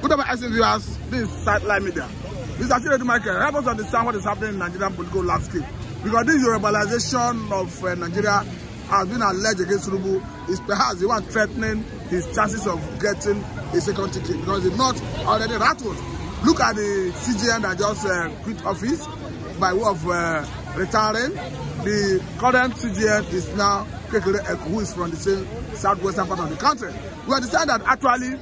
Good morning, excellent viewers. This is Satellite Media. Mr. Akiredu Michael, help us understand what is happening in Nigerian political landscape. Because this Yorubalization of uh, Nigeria has been alleged against Tinubu is perhaps the one threatening his chances of getting a second ticket because if not, already rattled. Look at the CGN that just uh, quit office by way of uh, retiring. The current CGN is now Kekere Eku, who is from the same southwestern part of the country. We understand that actually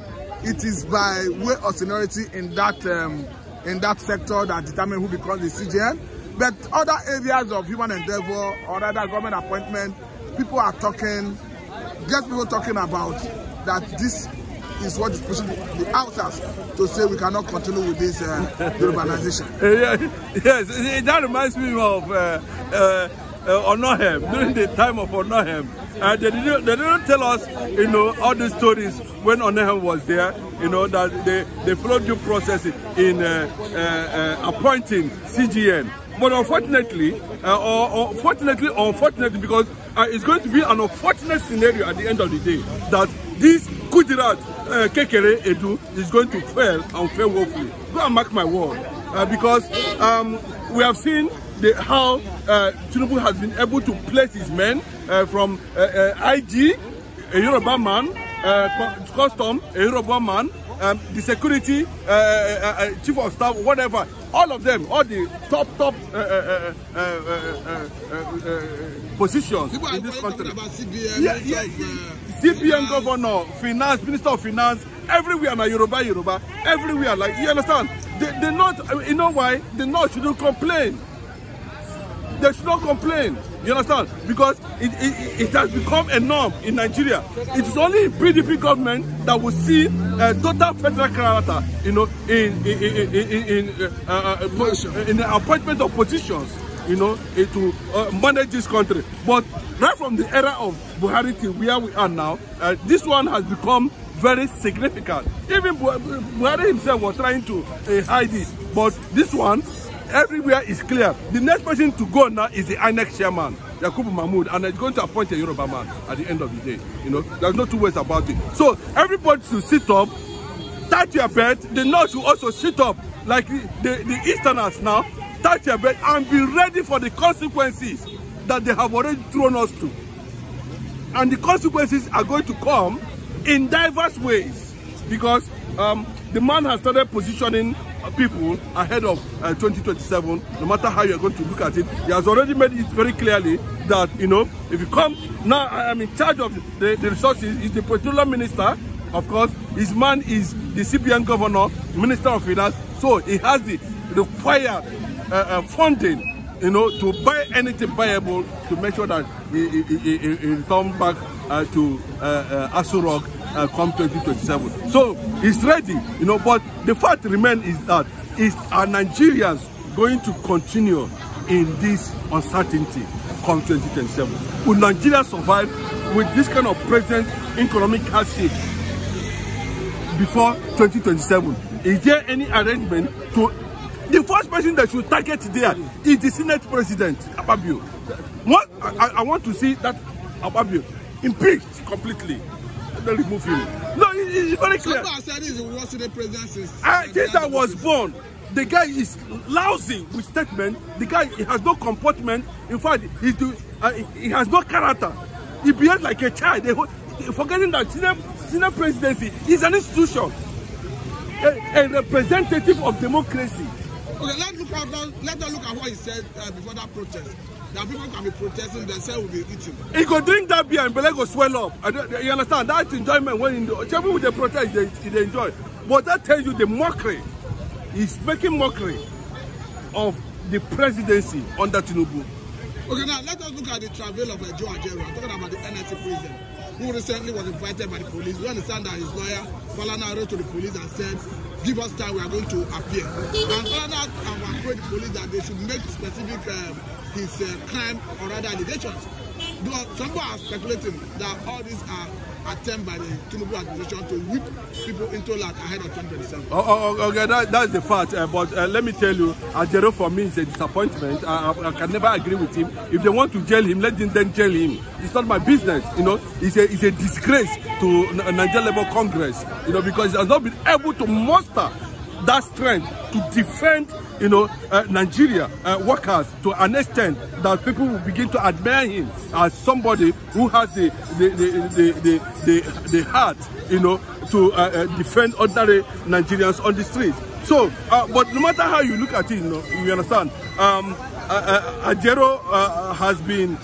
it is by way of seniority in that um, in that sector that determine who becomes the CGN. But other areas of human endeavor or other government appointment, people are talking, just people talking about that this is what is pushing the, outers to say we cannot continue with this uh, urbanization. yes, that reminds me of uh, uh, uh, Onohem, during the time of Onohem. Uh, they, didn't, they didn't tell us, you know, all the stories when Onohem was there, you know, that they, they followed due process in uh, uh, uh, appointing CGN. But unfortunately, uh, or, or or unfortunately, because uh, it's going to be an unfortunate scenario at the end of the day that this Kudirat uh, Kekere Edu is going to fail and fail woefully. Go and mark my word. Uh, because um, we have seen the, how uh, Tinubu has been able to place his men uh, from uh, uh, IG, a Yoruba man, uh, custom, a Yoruba man, um, the security, uh, uh, uh, chief of staff, whatever, all of them, all the top, top uh, uh, uh, uh, uh, uh, positions in this country. CBN, yeah, yeah, of, uh, CBN governor, finance, minister of finance, everywhere na Yoruba, Yoruba, everywhere, like, you understand? They, they're not, you know why? They not, shouldn't complain they should not complain. You understand? Because it, it, it has become a norm in Nigeria. It is only PDP government that will see a total federal character, you know, in in in in, in, uh, uh, uh in the appointment of positions, you know, eh, to uh, manage this country. But right from the era of Buhari to where we are now, uh, this one has become very significant. Even Buhari himself was trying to uh, hide it, but this one everywhere is clear. The next person to go now is the INEC chairman, Yakubu Mahmoud, and he's going to appoint a Yoruba man at the end of the day. You know, there's no two ways about it. So everybody should sit up, touch your bed. The North should also sit up, like the, the, Easterners now, touch your bed and be ready for the consequences that they have already thrown us to. And the consequences are going to come in diverse ways because um, the man has started positioning Uh, people ahead of uh, 2027, no matter how you're going to look at it. He has already made it very clearly that, you know, if you come, now I am in charge of the, the resources, is the petroleum minister, of course, his man is the CBN governor, minister of finance, so he has the required uh, uh, funding you know, to buy anything viable to make sure that he he he he he it back uh, to uh, uh, Asurok uh, come 2027. So it's ready, you know, but the fact remains is that is are Nigerians going to continue in this uncertainty come 2027? Will Nigeria survive with this kind of present economic hardship before 2027? Is there any arrangement to the first person that should target there is the Senate President Ababio. What I, I want to see that Ababio impeached completely they remove No, it, it's very clear. Somebody said he's the worst in the presidency. I, since I was born, the guy is lousy with statement. The guy he has no comportment. In fact, he, do, uh, he has no character. He behaves like a child. They, forgetting that senior, presidency is an institution, a, a representative of democracy. Okay, let's look at that, let us look at what he said uh, before that protest that people can be protesting themselves will be eating. He go drink that beer and belle go oh, swell up. you understand? that enjoyment when in the, people with the protest they, they enjoy. But that tells you the mockery. He's making mockery of the presidency under Tinubu. Okay, now let us look at the travel of a Joe Ajero. I'm talking about the NSC prison, who recently was invited by the police. We understand that his lawyer, Falana, wrote to the police and said give us time, we are going to appear. And further that, I've approached the police that they should make specific um, his uh, crime or rather allegations. some people are speculating that all these are attempt by the Tinubu administration to whip people into lack ahead of 2027. Oh, okay, that, that's the fact. Uh, but uh, let me tell you, Ajero for me is a disappointment. I, I, I can never agree with him. If they want to jail him, let them then jail him. It's not my business. You know, it's a, it's a disgrace to uh, Nigeria Labour Congress. You know, because it has not been able to muster that strength to defend you know, uh, Nigeria uh, workers to an extent that people will begin to admire him as somebody who has the the the the the, the, the heart, you know, to uh, uh defend ordinary Nigerians on the street. So, uh, but no matter how you look at it, you, know, you understand, um, uh, Ajero has been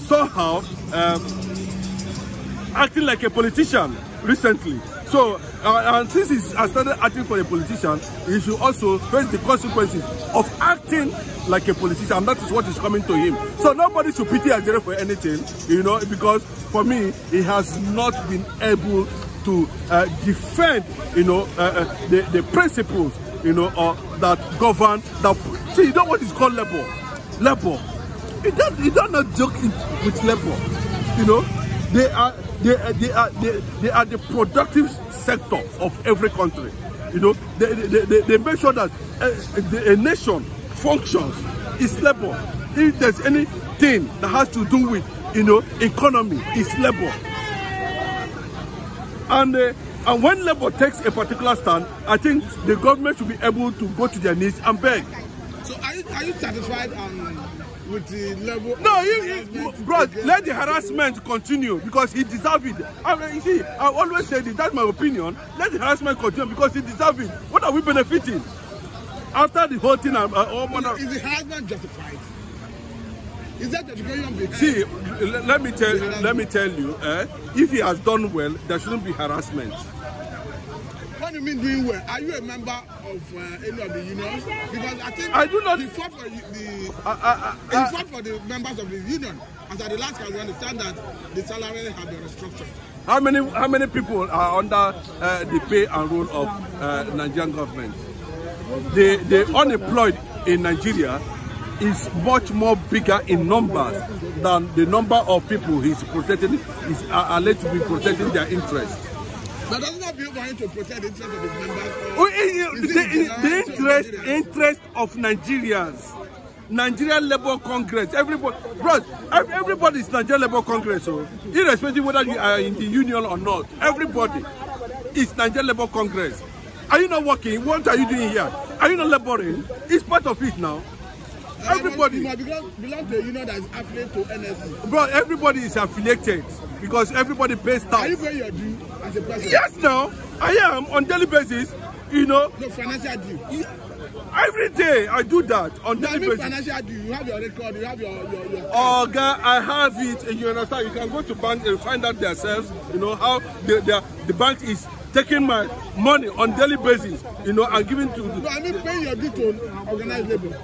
somehow um, acting like a politician recently. So uh, and uh, since he's started acting for a politician, he should also face the consequences of acting like a politician. And that is what is coming to him. So nobody should pity Ajere for anything, you know, because for me, he has not been able to uh, defend, you know, uh, uh, the, the principles, you know, that govern, that, see, you know what is called labor? Labor. It don't, you don't not joke with labor, you know. They are, they, they are, they, they are the productive sector of every country. You know, they, they, they, they make sure that a, eh, a, a nation functions, is labor. If there's anything that has to do with, you know, economy, is labor. And, uh, and when labor takes a particular stand, I think the government should be able to go to their knees and beg. So are you, are you satisfied on um, with the level. No, he, he, bro, let the harassment continue because he deserves it. I mean, see, I always say this, that's my opinion. Let the harassment continue because he deserves it. What are we benefiting? After the whole thing, I'm uh, uh, all is, is the harassment justified? Is that the because? See, let me tell let me tell you, eh, if he has done well, there shouldn't be harassment. What do you mean doing well? Are you a member of uh, any of the unions? Because I think I do not. He fought for the. I, I, I, he for the members of the union. As at the last time, we understand that the salary had been restructured. How many how many people are under uh, the pay and rule of uh, Nigerian government? The the unemployed in Nigeria is much more bigger in numbers than the number of people he's protecting is alleged to be protecting their interests. But doesn't that bill going to protect the interest of its members? Or oh, eh, eh, it, is in the interest, of interest of Nigerians. Nigerian Labour Congress, everybody, bro, everybody is Nigerian Labour Congress, so oh. irrespective whether you are in the union or not, everybody is Nigerian Labour Congress. Are you not working? What are you doing here? Are you not laboring? It's part of it now everybody. You belong, belong union that is affiliated to NSC. Bro, everybody is affiliated because everybody pays tax. Are you paying your due as a person? Yes, now. I am on daily basis, you know. the financial due. Yeah. Every day I do that on daily basis. financial due, you have your record, you have your... your, your oh, God, I have it. And you understand, you can go to bank and find out themselves, you know, how the, the, the bank is taking my money on daily basis, you know, and giving to... the. No, I mean paying your due to organized labor.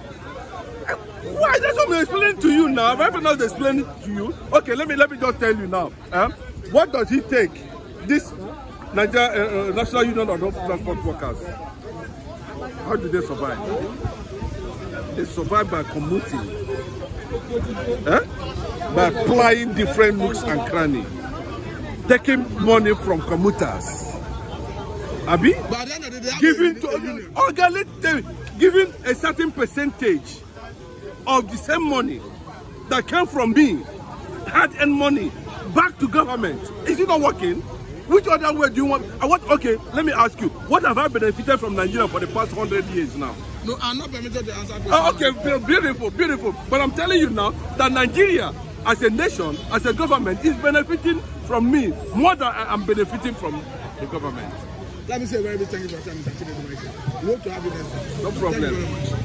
Why? That's what I'm explaining to you now. Everyone else is explaining to you. Okay, let me let me just tell you now. Eh? What does he take? This Nigeria uh, uh, National Union of Transport Workers. How do they survive? They survive by commuting, eh? by plying different nooks and crannies, taking money from commuters. Abi? Giving to, organic, giving a certain percentage of the same money that came from me, hard-earned money, back to government. Is it not working? Which other way do you want? I want, okay, let me ask you, what have I benefited from Nigeria for the past 100 years now? No, I'm not permitted to answer oh, that. Oh, okay, beautiful, beautiful. But I'm telling you now that Nigeria, as a nation, as a government, is benefiting from me more than I am benefiting from the government. Let me say a very big thank you for your time, Mr. Chinedu. We hope to have you next time. No problem. Thank you very much.